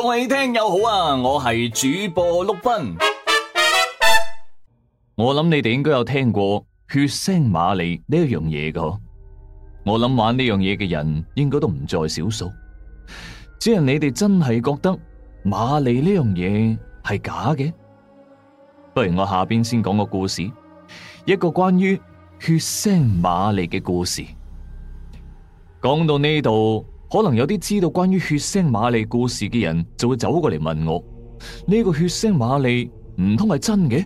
各位聽友好啊，我係主播碌斌。我諗你哋應該有聽過血腥瑪莉呢一樣嘢噶，我諗玩呢樣嘢嘅人應該都唔在少數。只係你哋真係覺得瑪莉呢樣嘢係假嘅，不如我下邊先講個故事，一個關於血腥瑪莉嘅故事。講到呢度。可能有啲知道關於血腥瑪莉故事嘅人就會走過嚟，問我：呢個血腥瑪莉唔通係真嘅？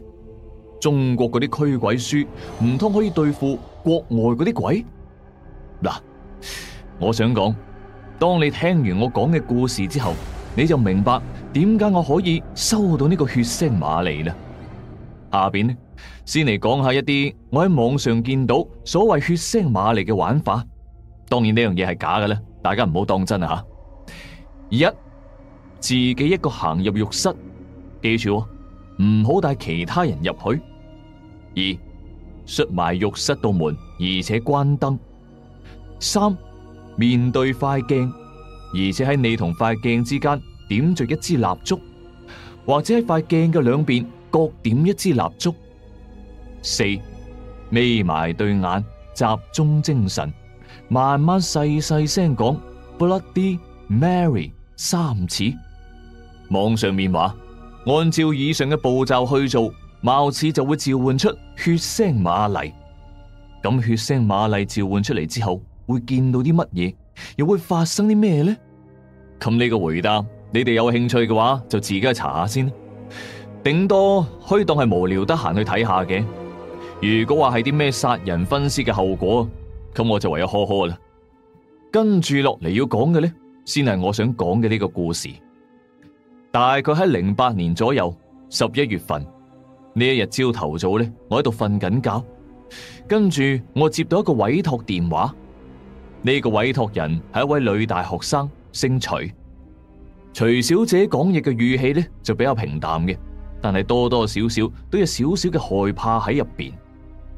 中國嗰啲驅鬼書唔通可以對付國外嗰啲鬼？嗱，我想講，當你聽完我講嘅故事之後，你就明白點解我可以收到呢個血腥瑪莉啦。下邊呢，先嚟講下一啲我喺網上見到所謂血腥瑪莉嘅玩法，當然呢樣嘢係假嘅啦。大家唔好當真啊！吓，一，自己一個行入浴室，記住喎，唔好帶其他人入去。二，閂埋浴室度門，而且關燈。三，面對塊鏡，而且喺你同塊鏡之間點着一支蠟燭，或者喺塊鏡嘅兩邊各點一支蠟燭。四，眯埋對眼，集中精神。慢慢細細聲講 Bloody Mary 三次，網上面話按照以上嘅步驟去做，貌似就會召喚出血腥瑪麗。咁血腥瑪麗召喚出嚟之後，會見到啲乜嘢，又會發生啲咩咧？咁呢個回答，你哋有興趣嘅話，就自己去查下先啦。頂多可以當係無聊得閒去睇下嘅。如果話係啲咩殺人分屍嘅後果。咁我就唯有呵呵啦。跟住落嚟要講嘅呢，先係我想講嘅呢個故事。大概喺零八年左右，十一月份呢一日朝頭早呢，我喺度瞓緊覺，跟住我接到一個委託電話。呢個委託人係一位女大學生，姓徐。徐小姐講嘢嘅語氣呢就比較平淡嘅，但係多多少少都有少少嘅害怕喺入邊。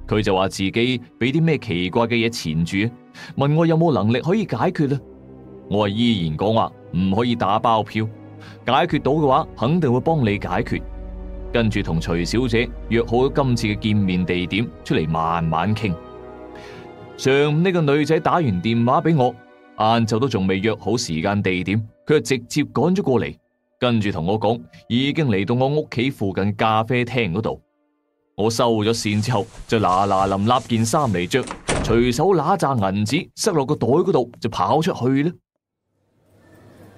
佢就話自己俾啲咩奇怪嘅嘢纏住，問我有冇能力可以解決啦、啊。我係依然講話唔可以打包票，解決到嘅話肯定會幫你解決。跟住同徐小姐約好今次嘅見面地點，出嚟慢慢傾。上午呢個女仔打完電話俾我，晏晝都仲未約好時間地點，佢就直接趕咗過嚟，跟住同我講已經嚟到我屋企附近咖啡廳嗰度。我收咗線之後，就嗱嗱淋笠件衫嚟着，隨手拿紮銀紙，塞落個袋嗰度，就跑出去啦。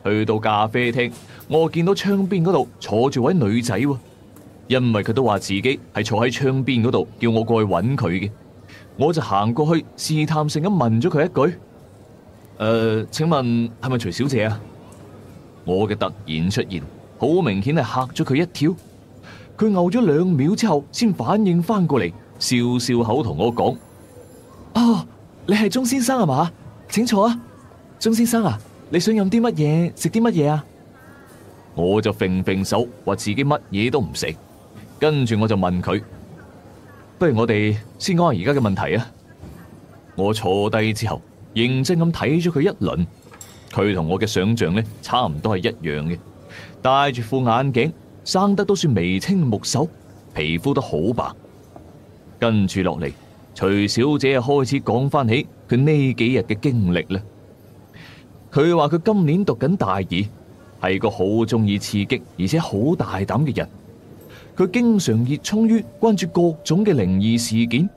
去到咖啡廳，我見到窗邊嗰度坐住位女仔，因為佢都話自己係坐喺窗邊嗰度，叫我過去揾佢嘅。我就行過去，試探性咁問咗佢一句：「誒、uh，請問係咪徐小姐啊？我嘅突然出現，好明顯係吓咗佢一跳。佢牛咗兩秒之後，先反應翻過嚟，笑笑口同我講：啊、哦，你係鍾先生係嘛？請坐啊，鍾先生啊，你想飲啲乜嘢？食啲乜嘢啊？我就揈揈手，話自己乜嘢都唔食。跟住我就問佢：不如我哋先講下而家嘅問題啊？我坐低之後，認真咁睇咗佢一輪，佢同我嘅想象呢，差唔多係一樣嘅，戴住副眼鏡。生得都算眉清目秀，皮膚都好白。跟住落嚟，徐小姐啊，開始講翻起佢呢幾日嘅經歷啦。佢話佢今年讀緊大二，係個好中意刺激而且好大膽嘅人。佢經常熱衷於關注各種嘅靈異事件，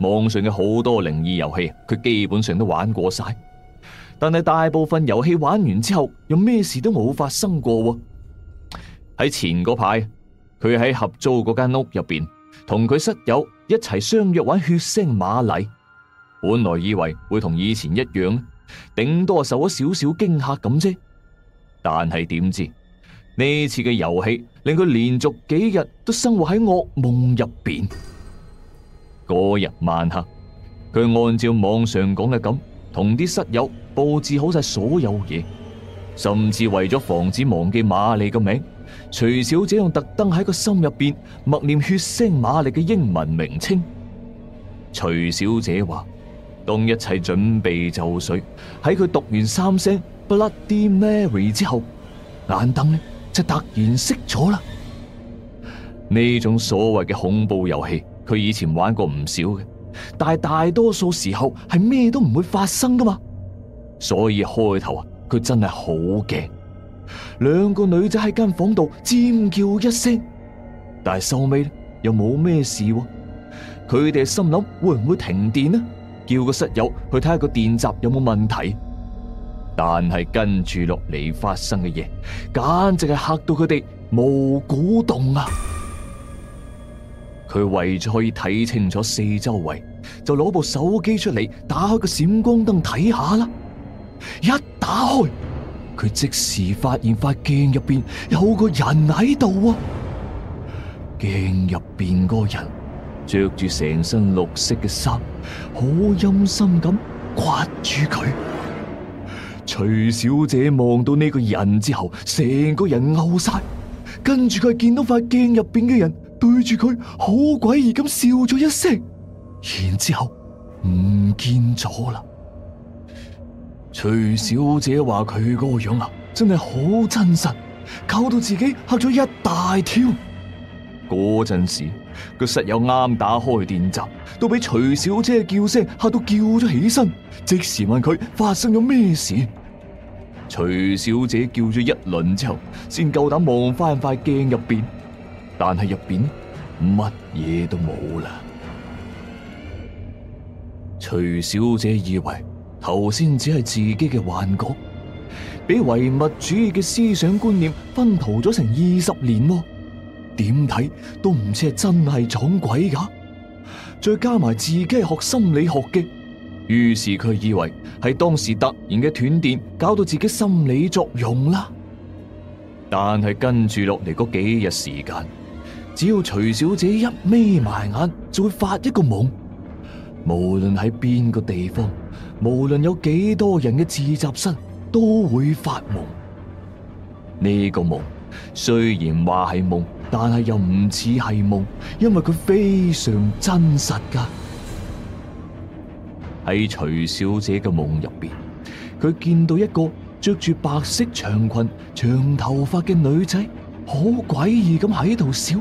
網上嘅好多靈異遊戲，佢基本上都玩過晒。但係大部分遊戲玩完之後，又咩事都冇發生過。喺前嗰排，佢喺合租嗰間屋入邊，同佢室友一齊相約玩血腥瑪莉。本來以為會同以前一樣，頂多受咗少少驚嚇咁啫。但係點知呢次嘅遊戲令佢連續幾日都生活喺噩夢入邊。嗰日晚黑，佢按照網上講嘅咁，同啲室友布置好晒所有嘢，甚至為咗防止忘記瑪莉個名。徐小姐用特登喺個心入邊默念血腥瑪麗嘅英文名稱。徐小姐話，當一切準備就緒，喺佢讀完三聲 Bloody Mary 之後，眼燈呢就突然熄咗啦。呢種所謂嘅恐怖遊戲，佢以前玩過唔少嘅，但係大多數時候係咩都唔會發生噶嘛。所以開頭啊，佢真係好驚。兩個女仔喺間房度尖叫一聲，但係收尾咧又冇咩事喎，啊。佢哋心諗會唔會停電呢？叫個室友去睇下個電閘有冇問題。但係跟住落嚟發生嘅嘢，簡直係嚇到佢哋無鼓動啊！佢為咗可以睇清楚四周圍，就攞部手機出嚟，打開個閃光燈睇下啦。一打開。佢即時發現塊鏡入邊有個人喺度啊！鏡入邊個人着住成身綠色嘅衫，好陰森咁刮住佢。徐小姐望到呢個人之後，成個人嘔晒，跟住佢見到塊鏡入邊嘅人對住佢，好詭異咁笑咗一聲，然之後唔見咗啦。徐小姐話佢個樣啊，真係好真實，搞到自己嚇咗一大跳。嗰陣時個室友啱打開電閘，都俾徐小姐嘅叫聲嚇到叫咗起身，即時問佢發生咗咩事。徐小姐叫咗一輪之後，先夠膽望翻塊鏡入邊，但係入邊乜嘢都冇啦。徐小姐以為。頭先只係自己嘅幻覺，俾唯物主義嘅思想觀念熏陶咗成二十年，點睇都唔似係真係撞鬼㗎。再加埋自己係學心理學嘅，於是佢以為係當時突然嘅斷電，搞到自己心理作用啦。但係跟住落嚟嗰幾日時間，只要徐小姐一眯埋眼，就會發一個夢，無論喺邊個地方，無論有幾多人嘅自習室都會發夢，呢個夢雖然話係夢，但係又唔似係夢，因為佢非常真實噶。喺徐小姐嘅夢入邊，佢見到一個着住白色長裙、長頭髮嘅女仔，好詭異咁喺度笑。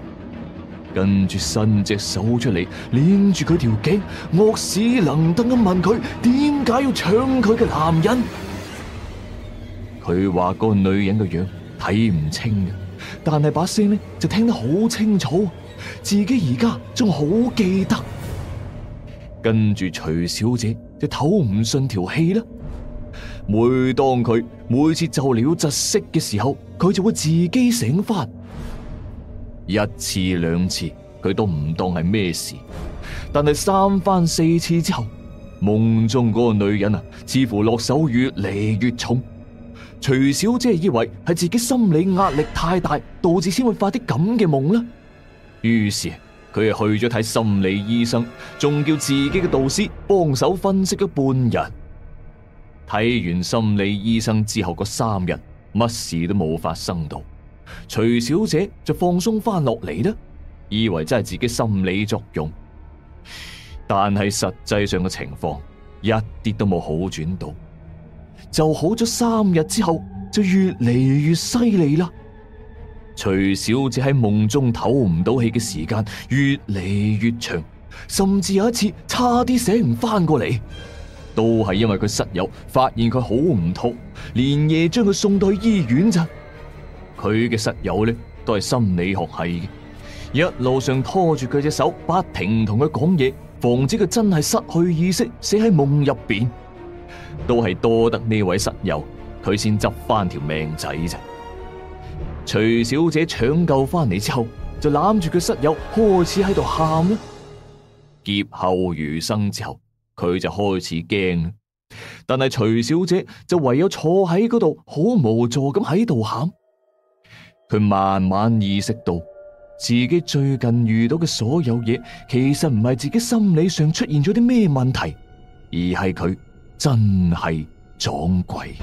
跟住伸隻手出嚟，捻住佢條頸，惡死能登咁問佢：點解要搶佢嘅男人？佢話個女人嘅樣睇唔清嘅，但係把聲咧就聽得好清楚，自己而家仲好記得。跟住徐小姐就透唔順條氣啦。每當佢每次就了窒息嘅時候，佢就會自己醒翻。一次兩次佢都唔當係咩事，但係三番四次之後，夢中嗰個女人啊，似乎落手越嚟越重。徐小姐以為係自己心理壓力太大，導致先會發啲咁嘅夢啦。於是佢係去咗睇心理醫生，仲叫自己嘅導師幫手分析咗半日。睇完心理醫生之後，嗰三日乜事都冇發生到。徐小姐就放鬆翻落嚟啦，以為真係自己心理作用，但係實際上嘅情況一啲都冇好轉到，就好咗三日之後就越嚟越犀利啦。徐小姐喺夢中唞唔到氣嘅時間越嚟越長，甚至有一次差啲醒唔翻過嚟，都係因為佢室友發現佢好唔妥，連夜將佢送到醫院咋。佢嘅室友咧都係心理學系嘅，一路上拖住佢隻手，不停同佢講嘢，防止佢真係失去意識，死喺夢入邊。都係多得呢位室友，佢先執翻條命仔啫。徐小姐搶救翻嚟之後，就攬住佢室友開始喺度喊啦。劫後餘生之後，佢就開始驚，但係徐小姐就唯有坐喺嗰度，好無助咁喺度喊。佢慢慢意識到，自己最近遇到嘅所有嘢，其實唔係自己心理上出現咗啲咩問題，而係佢真係撞鬼。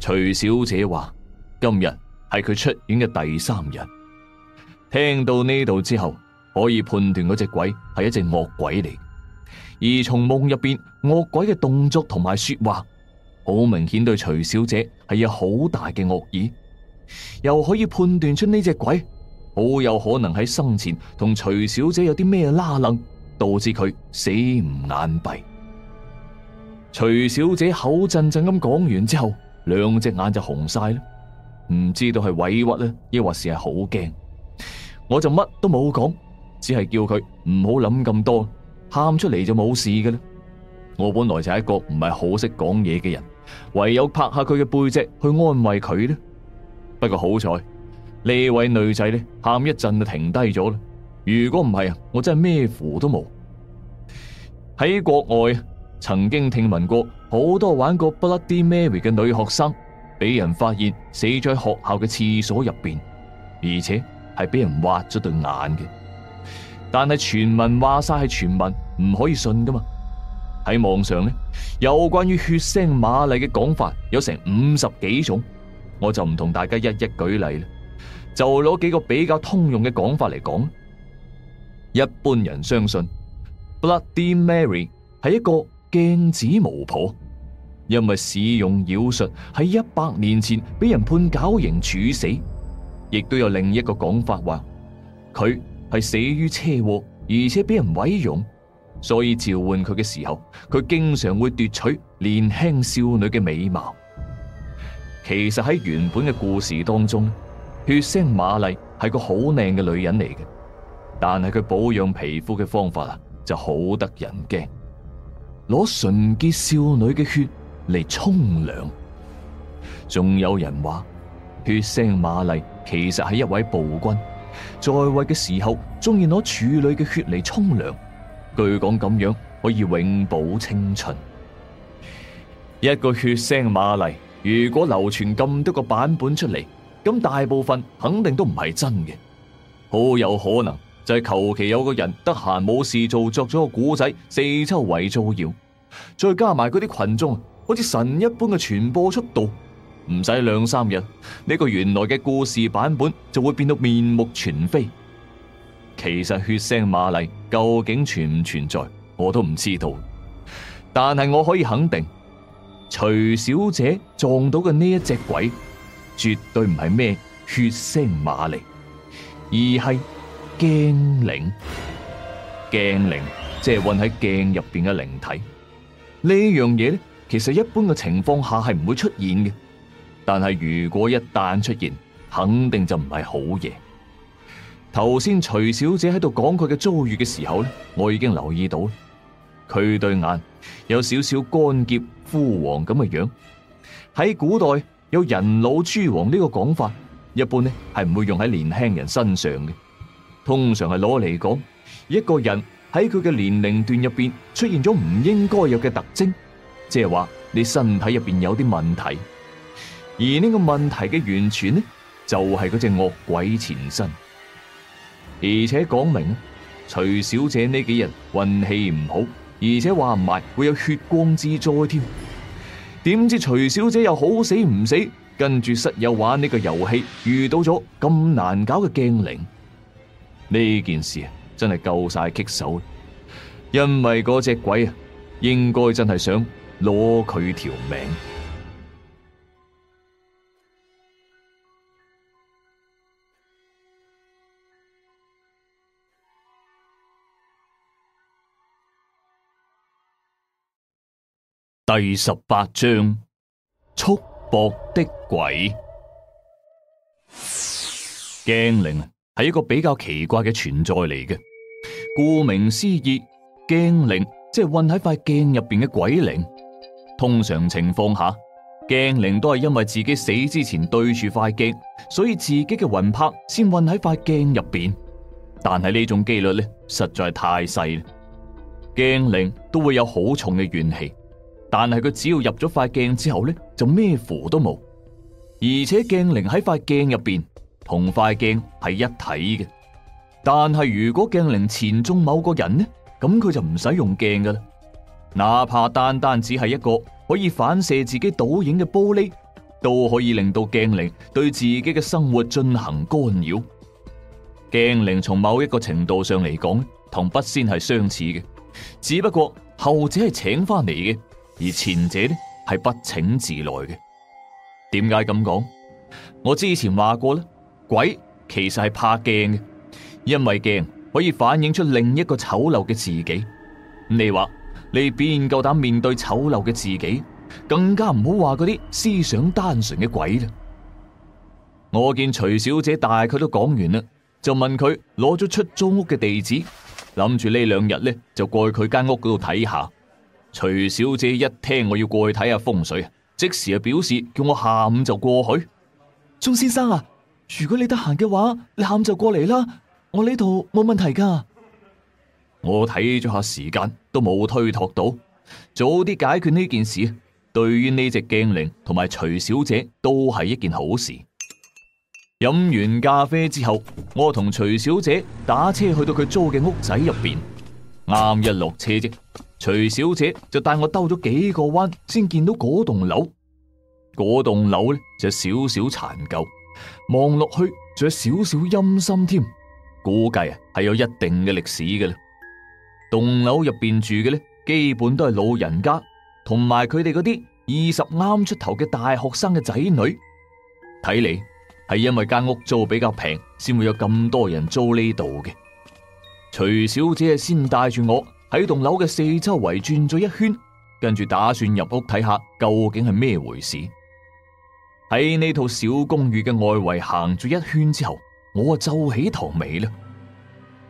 徐小姐話：今日係佢出院嘅第三日。聽到呢度之後，可以判斷嗰隻鬼係一隻惡鬼嚟。而從夢入邊，惡鬼嘅動作同埋說話，好明顯對徐小姐係有好大嘅惡意。又可以判斷出呢隻鬼好有可能喺生前同徐小姐有啲咩拉楞，導致佢死唔眼閉。徐小姐口震震咁講完之後，兩隻眼就紅晒啦，唔知道係委屈咧，抑或是係好驚。我就乜都冇講，只係叫佢唔好諗咁多，喊出嚟，就冇事嘅啦。我本來就係一個唔係好識講嘢嘅人，唯有拍下佢嘅背脊去安慰佢咧。不過好彩，呢位女仔呢，喊一陣就停低咗啦。如果唔係啊，我真係咩符都冇。喺國外曾經聽聞過好多玩過 Bloody Mary 嘅女學生，俾人發現死在學校嘅廁所入邊，而且係俾人挖咗對眼嘅。但係傳聞話晒係傳聞，唔可以信噶嘛。喺網上呢，有關於血腥瑪麗嘅講法有成五十幾種。我就唔同大家一一舉例啦，就攞幾個比較通用嘅講法嚟講。一般人相信《Bloody Mary》係一個鏡子巫婆，因為使用妖術喺一百年前俾人判絞刑處死。亦都有另一個講法話，佢係死於車禍，而且俾人毀容，所以召喚佢嘅時候，佢經常會奪取年輕少女嘅美貌。其實喺原本嘅故事當中，血腥瑪麗係個好靚嘅女人嚟嘅，但係佢保養皮膚嘅方法啊，就好得人驚，攞純潔少女嘅血嚟沖涼。仲有人話，血腥瑪麗其實係一位暴君，在位嘅時候中意攞處女嘅血嚟沖涼，據講咁樣可以永葆青春。一個血腥瑪麗。如果流傳咁多個版本出嚟，咁大部分肯定都唔係真嘅，好有可能就係求其有個人得閒冇事做，作咗個古仔，四周圍造謠，再加埋嗰啲群眾，好似神一般嘅傳播速度，唔使兩三日，呢個原來嘅故事版本就會變到面目全非。其實血腥瑪莉究竟存唔存在，我都唔知道，但係我可以肯定。徐小姐撞到嘅呢一隻鬼，絕對唔係咩血腥瑪莉，而係鏡靈。鏡靈即係混喺鏡入邊嘅靈體。呢樣嘢咧，其實一般嘅情況下係唔會出現嘅。但係如果一旦出現，肯定就唔係好嘢。頭先徐小姐喺度講佢嘅遭遇嘅時候咧，我已經留意到，佢對眼有少少乾澀。枯黃咁嘅樣,樣，喺古代有人老珠黃呢個講法，一般呢係唔會用喺年輕人身上嘅。通常係攞嚟講，一個人喺佢嘅年齡段入邊出現咗唔應該有嘅特徵，即係話你身體入邊有啲問題，而呢個問題嘅源泉呢就係嗰隻惡鬼纏身。而且講明，徐小姐呢幾日運氣唔好。而且話唔埋會有血光之災添，點知徐小姐又好死唔死，跟住室友玩呢個遊戲，遇到咗咁難搞嘅鏡靈，呢件事啊真係夠晒棘手，因為嗰隻鬼啊應該真係想攞佢條命。第十八章：束縛的鬼。鏡靈係一個比較奇怪嘅存在嚟嘅。顧名思義，鏡靈即係混喺塊鏡入邊嘅鬼靈。通常情況下，鏡靈都係因為自己死之前對住塊鏡，所以自己嘅魂魄先混喺塊鏡入邊。但係呢種幾率咧，實在太細啦。鏡靈都會有好重嘅怨氣。但係佢只要入咗塊鏡之後咧，就咩符都冇。而且鏡靈喺塊鏡入邊同塊鏡係一體嘅。但係如果鏡靈前中某個人呢，咁佢就唔使用鏡噶啦。哪怕單單只係一個可以反射自己倒影嘅玻璃，都可以令到鏡靈對自己嘅生活進行干擾。鏡靈從某一個程度上嚟講，同筆仙係相似嘅，只不過後者係請翻嚟嘅。而前者呢，係不請自來嘅，點解咁講？我之前話過啦，鬼其實係怕鏡嘅，因為鏡可以反映出另一個醜陋嘅自己。你話，你邊夠膽面對醜陋嘅自己？更加唔好話嗰啲思想單純嘅鬼啦。我見徐小姐大概都講完啦，就問佢攞咗出租屋嘅地址，諗住呢兩日咧就過去佢間屋嗰度睇下。徐小姐一聽我要過去睇下風水，即時啊表示叫我下午就過去。鍾先生啊，如果你得閒嘅話，你下午就過嚟啦，我呢度冇問題㗎。我睇咗下時間，都冇推託到，早啲解決呢件事，對於呢隻鏡靈同埋徐小姐都係一件好事。飲完咖啡之後，我同徐小姐打車去到佢租嘅屋仔入邊，啱一落車啫。徐小姐就帶我兜咗幾個彎，先見到嗰棟樓。嗰棟樓咧就少少殘舊，望落去仲有少少陰森添，估計啊係有一定嘅歷史嘅啦。棟樓入邊住嘅咧，基本都係老人家同埋佢哋嗰啲二十啱出頭嘅大學生嘅仔女。睇嚟係因為間屋租比較平，先會有咁多人租呢度嘅。徐小姐先帶住我。喺棟樓嘅四周圍轉咗一圈，跟住打算入屋睇下究竟係咩回事。喺呢套小公寓嘅外圍行咗一圈之後，我啊皺起頭尾啦。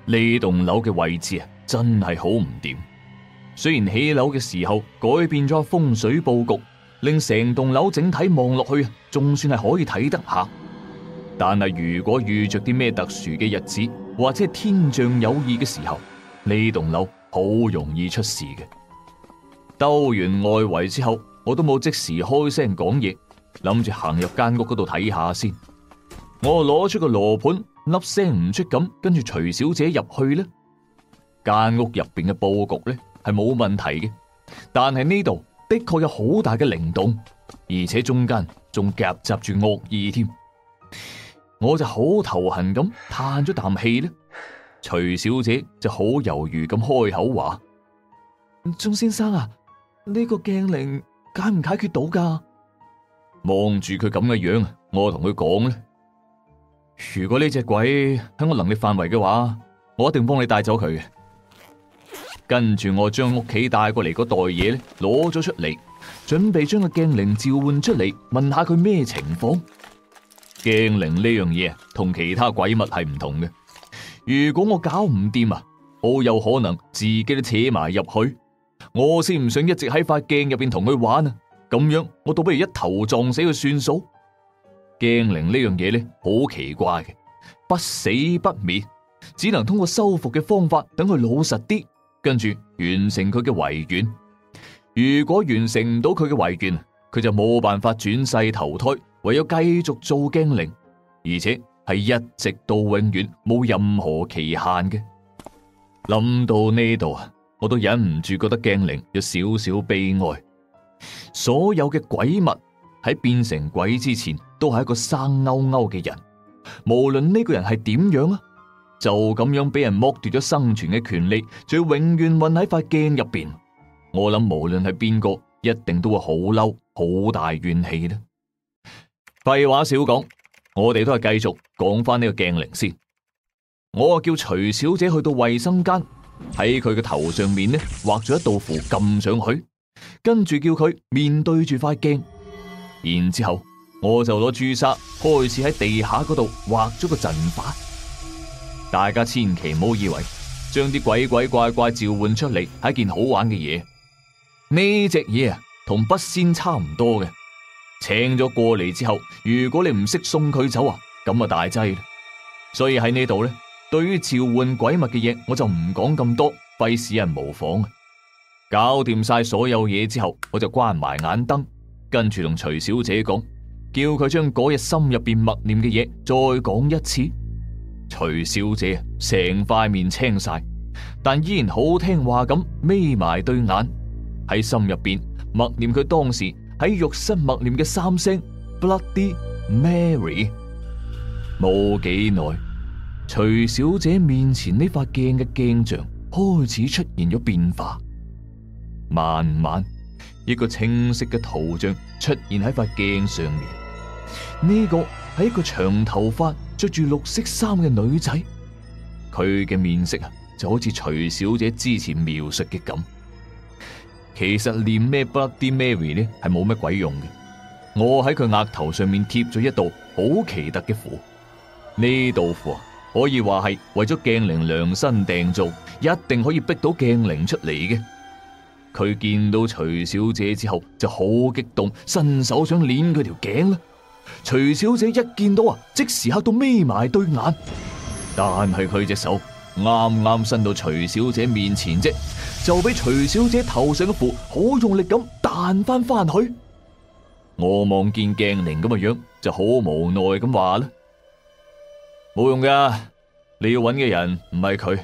呢棟樓嘅位置啊，真係好唔掂。雖然起樓嘅時候改變咗風水布局，令成棟樓整體望落去啊，仲算係可以睇得下。但係如果遇着啲咩特殊嘅日子，或者係天象有異嘅時候，呢棟樓。好容易出事嘅。兜完外圍之後，我都冇即時開聲講嘢，諗住行入間屋嗰度睇下先。我攞出個羅盤，粒聲唔出咁，跟住徐小姐入去呢間屋入邊嘅佈局咧係冇問題嘅，但係呢度的確有好大嘅靈動，而且中間仲夾雜住惡意添。我就好頭痕咁嘆咗啖氣啦。徐小姐就好猶豫咁開口話：鍾先生啊，呢個鏡靈解唔解決到噶？望住佢咁嘅樣，我同佢講咧：如果呢隻鬼喺我能力範圍嘅話，我一定幫你帶走佢。跟住我將屋企帶過嚟嗰袋嘢咧攞咗出嚟，準備將個鏡靈召喚出嚟，問下佢咩情況。鏡靈呢樣嘢同其他鬼物係唔同嘅。如果我搞唔掂啊，好有可能自己都扯埋入去，我先唔想一直喺塊鏡入邊同佢玩啊！咁樣我倒不如一頭撞死佢算數。鏡靈呢樣嘢咧，好奇怪嘅，不死不滅，只能通過修復嘅方法等佢老實啲，跟住完成佢嘅遺願。如果完成唔到佢嘅遺願，佢就冇辦法轉世投胎，唯有繼續做鏡靈，而且。係一直到永遠冇任何期限嘅。諗到呢度啊，我都忍唔住覺得鏡靈有少少悲哀。所有嘅鬼物喺變成鬼之前，都係一個生勾勾嘅人。無論呢個人係點樣啊，就咁樣俾人剝奪咗生存嘅權利，仲要永遠困喺塊鏡入邊。我諗無論係邊個，一定都會好嬲，好大怨氣呢。廢話少講。我哋都係繼續講翻呢個鏡靈先，我啊叫徐小姐去到衛生間，喺佢嘅頭上面呢畫咗一道符，撳上去，跟住叫佢面對住塊鏡，然之後我就攞朱砂開始喺地下嗰度畫咗個陣法。大家千祈唔好以為將啲鬼鬼怪怪召喚出嚟係一件好玩嘅嘢，呢隻嘢啊同筆仙差唔多嘅。請咗過嚟之後，如果你唔識送佢走啊，咁啊大劑啦。所以喺呢度呢，對於召喚鬼物嘅嘢，我就唔講咁多，費事人模仿啊。搞掂晒所有嘢之後，我就關埋眼燈，跟住同徐小姐講，叫佢將嗰日心入邊默念嘅嘢再講一次。徐小姐成塊面青晒，但依然好聽話咁眯埋對眼，喺心入邊默念佢當時。喺浴室默念嘅三聲 Bloody Mary，冇幾耐，徐小姐面前呢塊鏡嘅鏡像開始出現咗變化，慢慢一個清晰嘅圖像出現喺塊鏡上面。呢、這個係一個長頭髮、着住綠色衫嘅女仔，佢嘅面色啊就好似徐小姐之前描述嘅咁。其實練咩 Bloody Mary 咧係冇乜鬼用嘅。我喺佢額頭上面貼咗一道好奇特嘅符，呢道符啊可以話係為咗鏡靈量身訂造，一定可以逼到鏡靈出嚟嘅。佢見到徐小姐之後就好激動，伸手想捻佢條頸啦。徐小姐一見到啊，即時吓到眯埋對眼，但係佢隻手。啱啱伸到徐小姐面前啫，就俾徐小姐頭上嘅符好用力咁彈翻翻去。我望見鏡靈咁嘅樣，就好無奈咁話啦：冇用噶，你要揾嘅人唔係佢，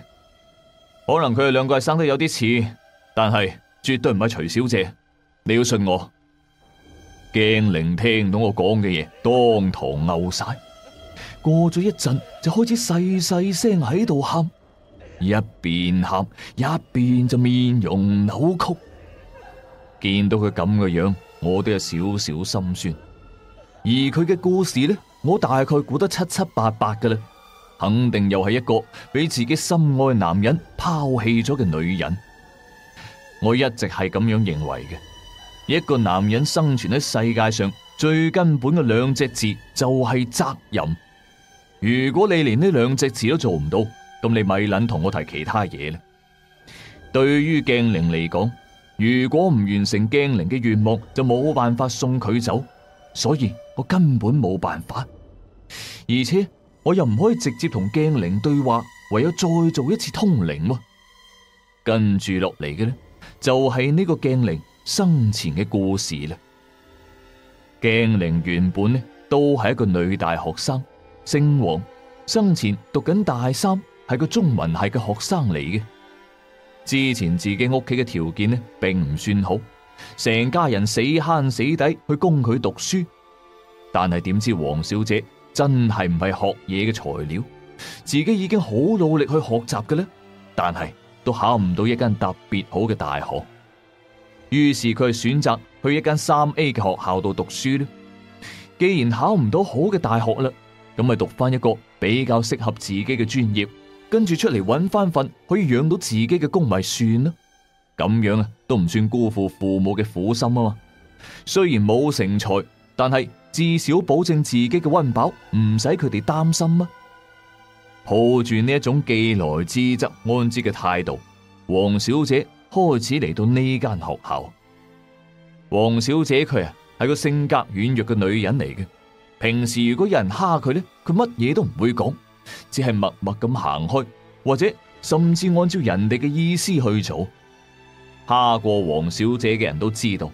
可能佢哋兩個係生得有啲似，但係絕對唔係徐小姐。你要信我。鏡靈聽唔到我講嘅嘢，當堂嘔晒。過咗一陣，就開始細細聲喺度喊。一邊喊一邊就面容扭曲，見到佢咁嘅樣，我都有少少心酸。而佢嘅故事呢，我大概估得七七八八㗎啦，肯定又係一個俾自己心愛男人拋棄咗嘅女人。我一直係咁樣認為嘅。一個男人生存喺世界上最根本嘅兩隻字就係責任。如果你連呢兩隻字都做唔到。咁你咪撚同我提其他嘢咧。對於鏡靈嚟講，如果唔完成鏡靈嘅願望，就冇辦法送佢走，所以我根本冇辦法。而且我又唔可以直接同鏡靈對話，唯有再做一次通靈啊。跟住落嚟嘅呢，就係呢個鏡靈生前嘅故事啦。鏡靈原本呢都係一個女大學生，姓王，生前讀緊大三。係個中文系嘅學生嚟嘅。之前自己屋企嘅條件呢，並唔算好，成家人死慳死抵去供佢讀書。但係點知黃小姐真係唔係學嘢嘅材料，自己已經好努力去學習嘅呢，但係都考唔到一間特別好嘅大學。於是佢選擇去一間三 A 嘅學校度讀書。呢，既然考唔到好嘅大學啦，咁咪讀翻一個比較適合自己嘅專業。跟住出嚟揾翻份可以養到自己嘅工咪算咯，咁樣啊都唔算辜負父母嘅苦心啊嘛。雖然冇成才，但係至少保證自己嘅溫飽，唔使佢哋擔心啊。抱住呢一種既來之則安之嘅態度，黃小姐開始嚟到呢間學校。黃小姐佢啊係個性格軟弱嘅女人嚟嘅，平時如果有人蝦佢咧，佢乜嘢都唔會講。只係默默咁行開，或者甚至按照人哋嘅意思去做。蝦過黃小姐嘅人都知道，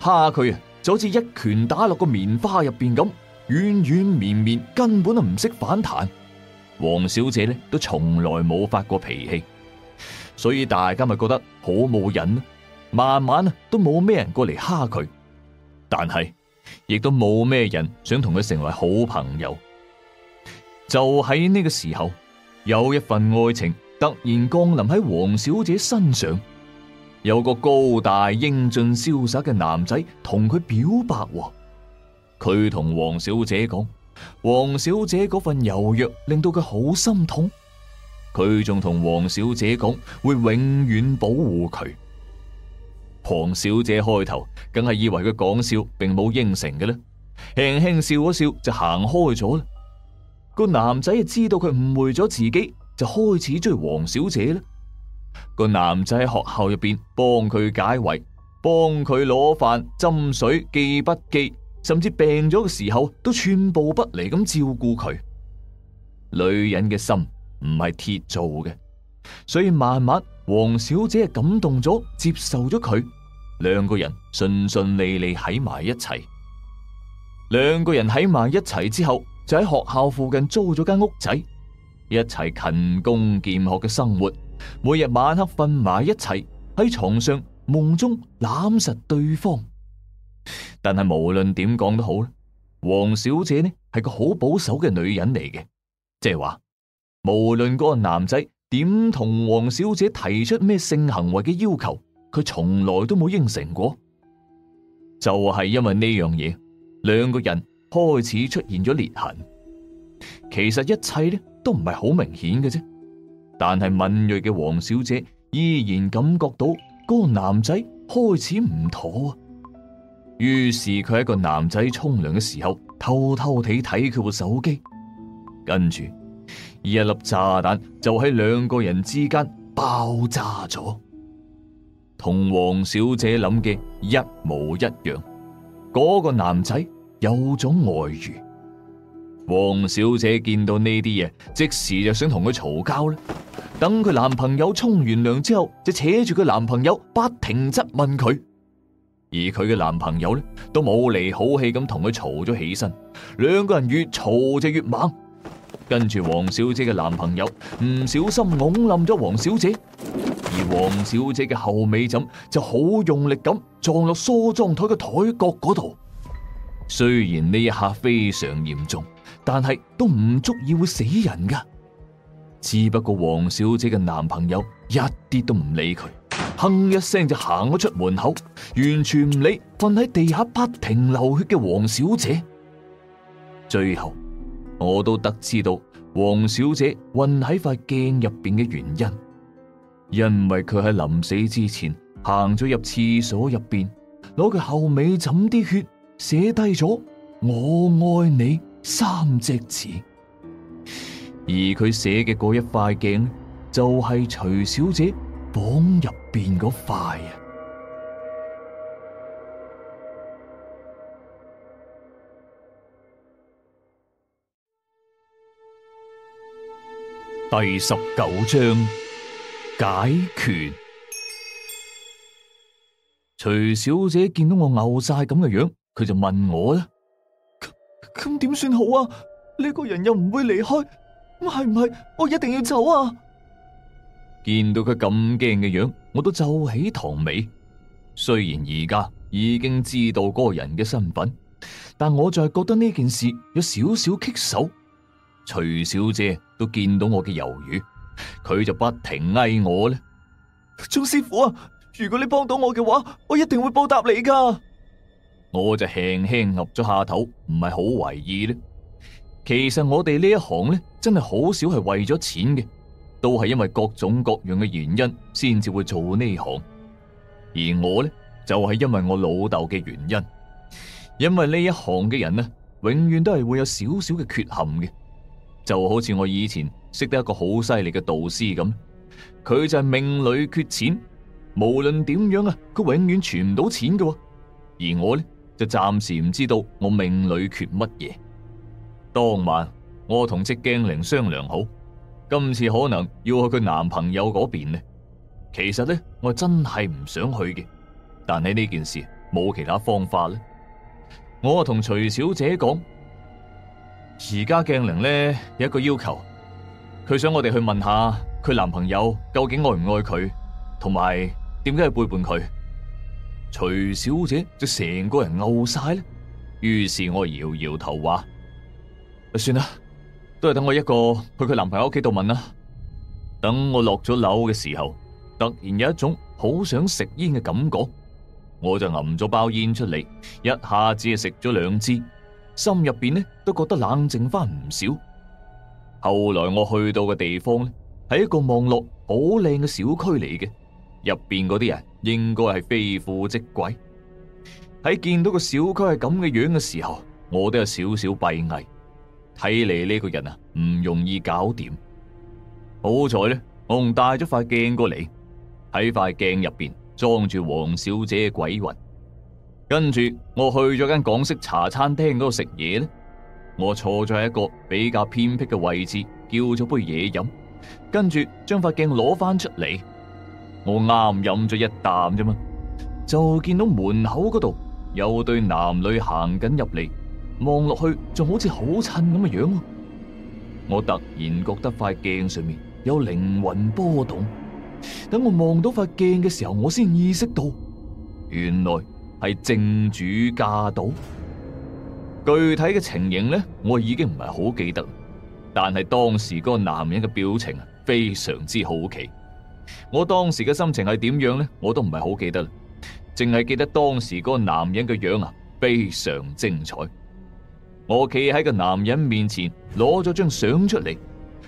蝦佢啊就好似一拳打落個棉花入邊咁軟軟綿綿，根本都唔識反彈。黃小姐呢都從來冇發過脾氣，所以大家咪覺得好冇癮，慢慢呢都冇咩人過嚟蝦佢，但係亦都冇咩人想同佢成為好朋友。就喺呢個時候，有一份愛情突然降臨喺黃小姐身上。有個高大英俊瀟灑嘅男仔同佢表白，佢同黃小姐講：黃小姐嗰份柔弱令到佢好心痛。佢仲同黃小姐講會永遠保護佢。黃小姐開頭梗係以為佢講笑並，並冇應承嘅咧，輕輕笑一笑就行開咗啦。個男仔啊，知道佢誤會咗自己，就開始追黃小姐啦。個男仔喺學校入邊幫佢解圍，幫佢攞飯、斟水、記筆記，甚至病咗嘅時候都寸步不離咁照顧佢。女人嘅心唔係鐵做嘅，所以慢慢黃小姐就感動咗，接受咗佢，兩個人順順利利喺埋一齊。兩個人喺埋一齊之後。就喺學校附近租咗間屋仔，一齊勤工儉學嘅生活，每日晚黑瞓埋一齊喺床上夢中攬實對方。但係無論點講都好啦，黃小姐呢係個好保守嘅女人嚟嘅，即係話無論嗰個男仔點同黃小姐提出咩性行為嘅要求，佢從來都冇應承過，就係因為呢樣嘢，兩個人。開始出現咗裂痕，其實一切咧都唔係好明顯嘅啫，但係敏銳嘅黃小姐依然感覺到個男仔開始唔妥啊。於是佢喺個男仔沖涼嘅時候，偷偷地睇佢部手機，跟住一粒炸彈就喺兩個人之間爆炸咗，同黃小姐諗嘅一模一樣。嗰個男仔。有種外遇，黃小姐見到呢啲嘢，即時就想同佢嘈交啦。等佢男朋友沖完涼之後，就扯住佢男朋友不停質問佢，而佢嘅男朋友呢都冇理好氣咁同佢嘈咗起身，兩個人越嘈就越猛。跟住黃小姐嘅男朋友唔小心拱冧咗黃小姐，而黃小姐嘅後尾枕就好用力咁撞落梳妝台嘅台角嗰度。雖然呢一刻非常嚴重，但係都唔足以會死人噶。只不過黃小姐嘅男朋友一啲都唔理佢，哼一聲就行咗出門口，完全唔理瞓喺地下不停流血嘅黃小姐。最後，我都得知道黃小姐暈喺塊鏡入邊嘅原因，因為佢喺臨死之前行咗入廁所入邊，攞佢後尾枕啲血。寫低咗我愛你三隻字，而佢寫嘅嗰一塊鏡就係徐小姐房入邊嗰塊啊！ 第十九章解權。 徐小姐見到我嘔晒咁嘅樣，樣。佢就問我咧，咁咁點算好啊？呢個人又唔會離開，咁係唔係我一定要走啊？見到佢咁驚嘅樣，我都皺起條眉。雖然而家已經知道嗰個人嘅身份，但我就係覺得呢件事有少少棘手。徐小姐都見到我嘅猶豫，佢就不停嗌我咧：鐘師傅啊，如果你幫到我嘅話，我一定會報答你噶。我就輕輕岌咗下頭，唔係好懷疑咧。其實我哋呢一行呢，真係好少係為咗錢嘅，都係因為各種各樣嘅原因先至會做呢行。而我呢，就係、是、因為我老豆嘅原因，因為呢一行嘅人呢、啊，永遠都係會有少少嘅缺陷嘅。就好似我以前識得一個好犀利嘅導師咁，佢就係命裏缺錢，無論點樣啊，佢永遠存唔到錢嘅。而我呢。就暫時唔知道我命裏缺乜嘢。當晚我同隻鏡靈商量好，今次可能要去佢男朋友嗰邊呢。其實呢，我真係唔想去嘅，但係呢件事冇其他方法咧。我同徐小姐講，而家鏡靈呢有一個要求，佢想我哋去問下佢男朋友究竟愛唔愛佢，同埋點解要背叛佢。徐小姐就成個人嘔晒咧，於是我搖搖頭話：啊、算啦，都係等我一個去佢男朋友屋企度問啦。等我落咗樓嘅時候，突然有一種好想食煙嘅感覺，我就揞咗包煙出嚟，一下子係食咗兩支，心入邊呢都覺得冷靜翻唔少。後來我去到嘅地方呢，係一個望落好靚嘅小區嚟嘅。入邊嗰啲人應該係非富即貴。喺見到個小區係咁嘅樣嘅時候，我都有少少閉翳。睇嚟呢個人啊，唔容易搞掂。好彩呢，我仲帶咗塊鏡過嚟，喺塊鏡入邊裝住黃小姐嘅鬼魂。跟住我去咗間港式茶餐廳嗰度食嘢呢，我坐咗喺一個比較偏僻嘅位置，叫咗杯嘢飲，跟住將塊鏡攞翻出嚟。我啱飲咗一啖啫嘛，就見到門口嗰度有對男女行緊入嚟，望落去仲好似好襯咁嘅樣咯。我突然覺得塊鏡上面有靈魂波動，等我望到塊鏡嘅時候，我先意識到原來係正主駕到。具體嘅情形呢，我已經唔係好記得，但係當時嗰個男人嘅表情啊，非常之好奇。我當時嘅心情係點樣咧？我都唔係好記得啦，淨係記得當時個男人嘅樣啊，非常精彩。我企喺個男人面前，攞咗張相出嚟，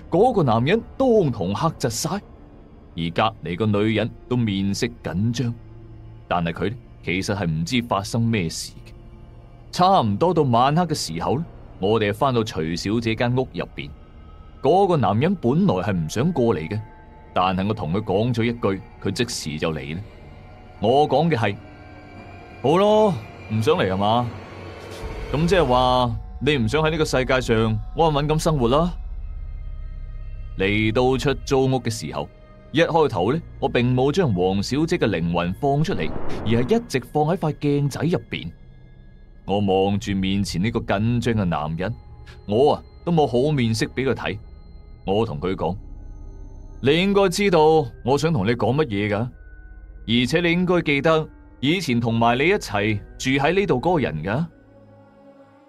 嗰個男人當堂嚇窒晒，而隔籬個女人都面色緊張，但係佢咧其實係唔知發生咩事嘅。差唔多到晚黑嘅時候咧，我哋翻到徐小姐間屋入邊，嗰個男人本來係唔想過嚟嘅。但係我同佢講咗一句，佢即時就嚟咧。我講嘅係好咯，唔想嚟啊嘛？咁即係話你唔想喺呢個世界上安穩咁生活啦，啊？嚟到出租屋嘅時候，一開頭咧，我並冇將黃小姐嘅靈魂放出嚟，而係一直放喺塊鏡仔入邊。我望住面前呢個緊張嘅男人，我啊都冇好面色俾佢睇。我同佢講。你應該知道我想同你講乜嘢噶，而且你應該記得以前同埋你一齊住喺呢度嗰個人噶。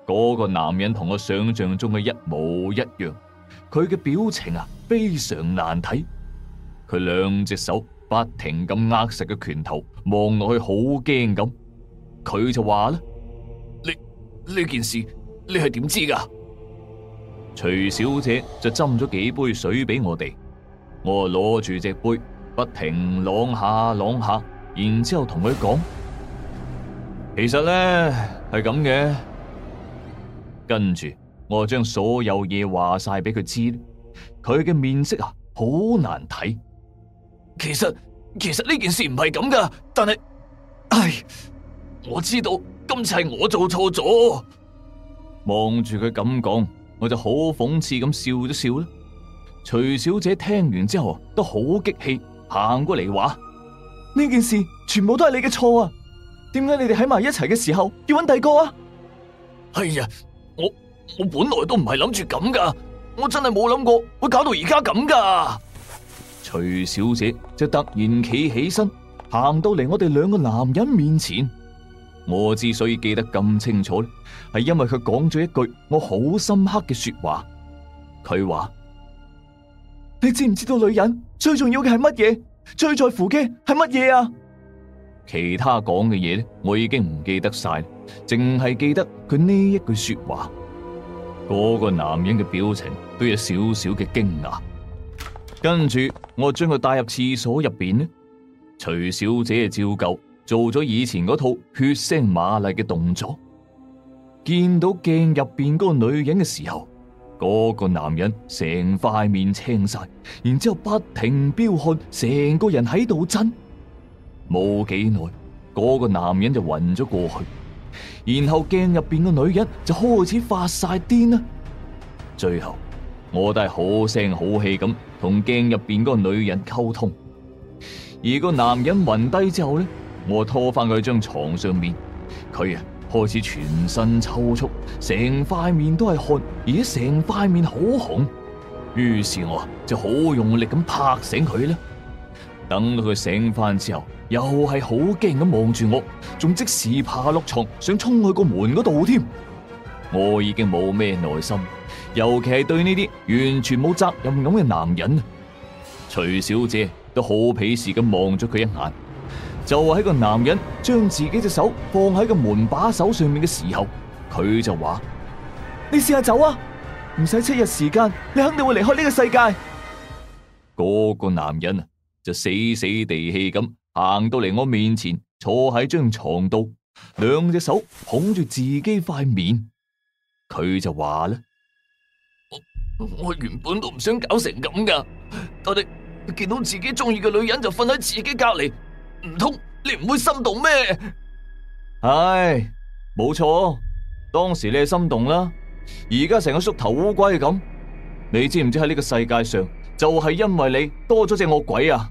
嗰個男人同我想象中嘅一模一樣，佢嘅表情啊非常難睇，佢兩隻手不停咁握實嘅拳頭，望落去好驚咁。佢就話啦：你，呢件事你係點知噶？徐小姐就斟咗幾杯水俾我哋。我攞住隻杯，不停啷下啷下，然之後同佢講，其實咧，係咁嘅。跟住我將所有嘢話晒俾佢知，佢嘅面色啊好難睇。其實其實呢件事唔係咁噶，但係，唉，我知道今次係我做錯咗。望住佢咁講，我就好諷刺咁笑咗笑啦。徐小姐聽完之後都好激氣，行過嚟話：呢件事全部都係你嘅錯啊！點解你哋喺埋一齊嘅時候要揾第個啊？係啊、哎，我我本來都唔係諗住咁㗎，我真係冇諗過會搞到而家咁㗎。徐小姐就突然企起身，行到嚟我哋兩個男人面前。我之所以記得咁清楚咧，係因為佢講咗一句我好深刻嘅說話。佢話。你知唔知道女人最重要嘅係乜嘢？最在乎嘅係乜嘢啊？其他講嘅嘢呢，我已經唔記得晒，淨係記得佢呢一句說話。嗰個男人嘅表情都有少少嘅驚訝。跟住我將佢帶入廁所入邊呢，徐小姐就照舊做咗以前嗰套血腥瑪麗嘅動作。見到鏡入邊嗰個女人嘅時候。嗰個男人成塊面青晒，然之後不停飆汗，成個人喺度震。冇幾耐，嗰、那個男人就暈咗過去，然後鏡入邊個女人就開始發晒癲啦。最後，我都係好聲好氣咁同鏡入邊嗰個女人溝通，而個男人暈低之後咧，我拖翻佢去張床上面，佢啊。開始全身抽搐，成塊面都係汗，而且成塊面好紅。於是我就好用力咁拍醒佢啦。等到佢醒翻之後，又係好驚咁望住我，仲即時爬落床，想衝去個門嗰度添。我已經冇咩耐心，尤其係對呢啲完全冇責任咁嘅男人。徐小姐都好鄙視咁望咗佢一眼。就喺個男人將自己隻手放喺個門把手上面嘅時候，佢就話：你試下走啊，唔使七日時間，你肯定會離開呢個世界。嗰個男人啊，就死死地氣咁行到嚟我面前，坐喺張床度，兩隻手捧住自己塊面，佢就話啦：我我原本都唔想搞成咁噶，我哋見到自己中意嘅女人就瞓喺自己隔籬。唔通你唔會心動咩？唉，冇錯，當時你係心動啦。而家成個縮頭烏龜咁，你知唔知喺呢個世界上就係因為你多咗隻惡鬼啊？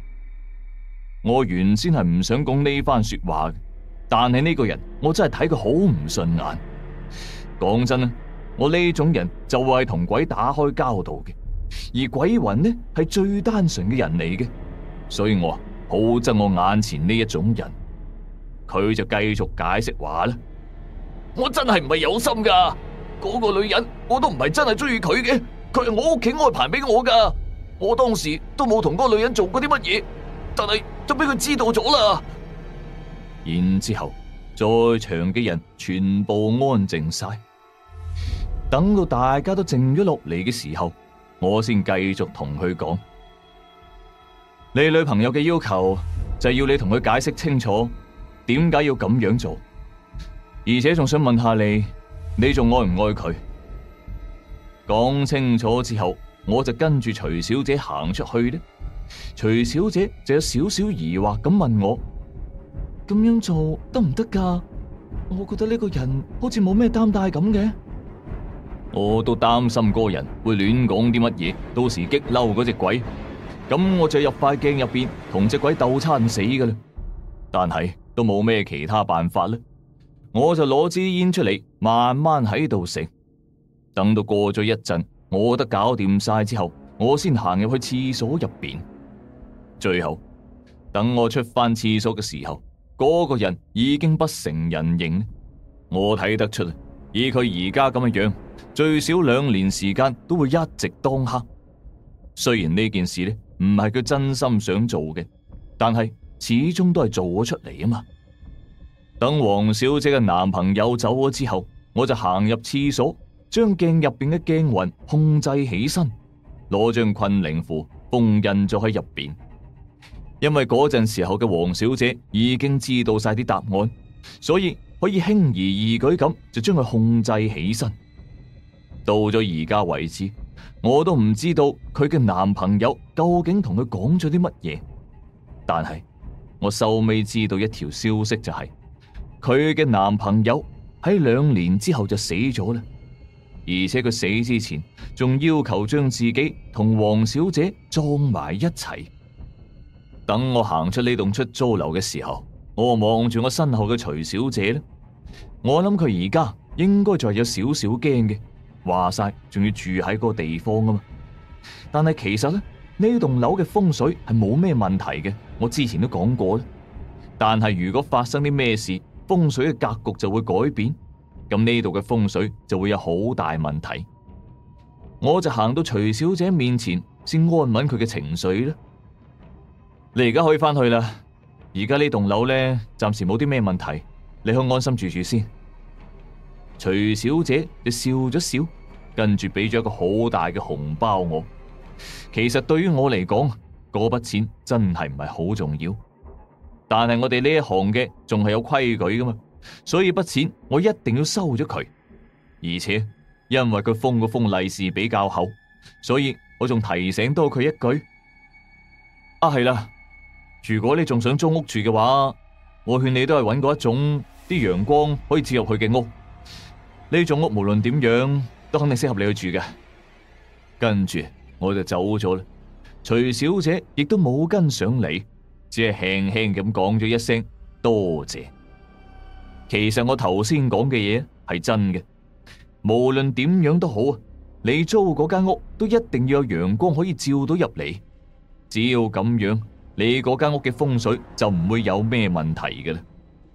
我原先係唔想講呢番說話，但係呢個人我真係睇佢好唔順眼。講真啦，我呢種人就會係同鬼打開交道嘅，而鬼魂呢係最單純嘅人嚟嘅，所以我。好憎我眼前呢一種人，佢就繼續解釋話啦：，我真係唔係有心噶，嗰、那個女人我都唔係真係中意佢嘅，佢係我屋企外排俾我噶，我當時都冇同嗰個女人做過啲乜嘢，但係都俾佢知道咗啦。然之後，在場嘅人全部安靜晒，等到大家都靜咗落嚟嘅時候，我先繼續同佢講。你女朋友嘅要求就係、是、要你同佢解釋清楚點解要咁樣做，而且仲想問,問下你，你仲愛唔愛佢？講清楚之後，我就跟住徐小姐行出去呢，徐小姐就有少少疑惑咁問我：，咁樣做得唔得噶？我覺得呢個人好似冇咩擔戴咁嘅。我都擔心嗰個人會亂講啲乜嘢，到時激嬲嗰隻鬼。咁我就入塊鏡入邊同隻鬼鬥餐死噶啦，但係都冇咩其他辦法啦。我就攞支煙出嚟，慢慢喺度食。等到過咗一陣，我得搞掂晒之後，我先行入去廁所入邊。最後，等我出翻廁所嘅時候，嗰個人已經不成人形。我睇得出，以佢而家咁樣樣，最少兩年時間都會一直當黑。雖然呢件事呢。唔係佢真心想做嘅，但係始終都係做咗出嚟啊嘛。等黃小姐嘅男朋友走咗之後，我就行入廁所，將鏡入邊嘅鏡魂控制起身，攞張困靈符封印咗喺入邊。因為嗰陣時候嘅黃小姐已經知道晒啲答案，所以可以輕而易舉咁就將佢控制起身。到咗而家為止。我都唔知道佢嘅男朋友究竟同佢講咗啲乜嘢，但係我收尾知道一條消息就係佢嘅男朋友喺兩年之後就死咗啦，而且佢死之前仲要求將自己同黃小姐葬埋一齊。等我行出呢棟出租樓嘅時候，我望住我身後嘅徐小姐咧，我諗佢而家應該仲係有少少驚嘅。話晒仲要住喺嗰個地方啊嘛，但係其實咧，呢棟樓嘅風水係冇咩問題嘅，我之前都講過啦。但係如果發生啲咩事，風水嘅格局就會改變，咁呢度嘅風水就會有好大問題。我就行到徐小姐面前，先安穩佢嘅情緒啦。你而家可以翻去啦，而家呢棟樓咧暫時冇啲咩問題，你去安心住住先。徐小姐就笑咗笑，跟住俾咗一個好大嘅紅包我。其實對於我嚟講，嗰筆錢真係唔係好重要。但係我哋呢一行嘅仲係有規矩噶嘛，所以筆錢我一定要收咗佢。而且因為佢封個封利是比較厚，所以我仲提醒多佢一句：啊係啦，如果你仲想租屋住嘅話，我勸你都係揾嗰一種啲陽光可以照入去嘅屋。呢種屋無論點樣都肯定適合你去住嘅，跟住我就走咗啦。徐小姐亦都冇跟上嚟，只係輕輕咁講咗一聲多謝。其實我頭先講嘅嘢係真嘅，無論點樣都好啊，你租嗰間屋都一定要有陽光可以照到入嚟，只要咁樣，你嗰間屋嘅風水就唔會有咩問題嘅啦。